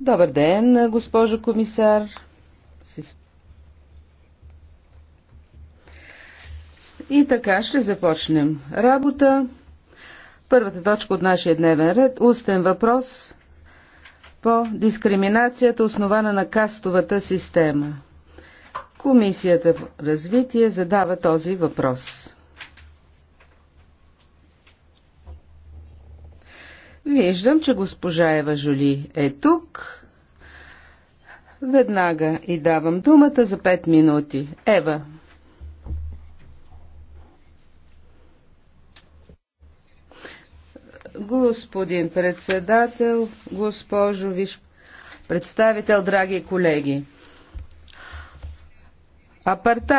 Добър ден, госпожо комисар. И така ще започнем работа. Първата точка от нашия дневен ред – устен въпрос по дискриминацията, основана на кастовата система. Комисията по развитие задава този въпрос. Виждам, че госпожа Ева Жоли е тук. Веднага и давам думата за пет минути. Ева. Господин председател, госпожо виш представител, драги колеги. Апарта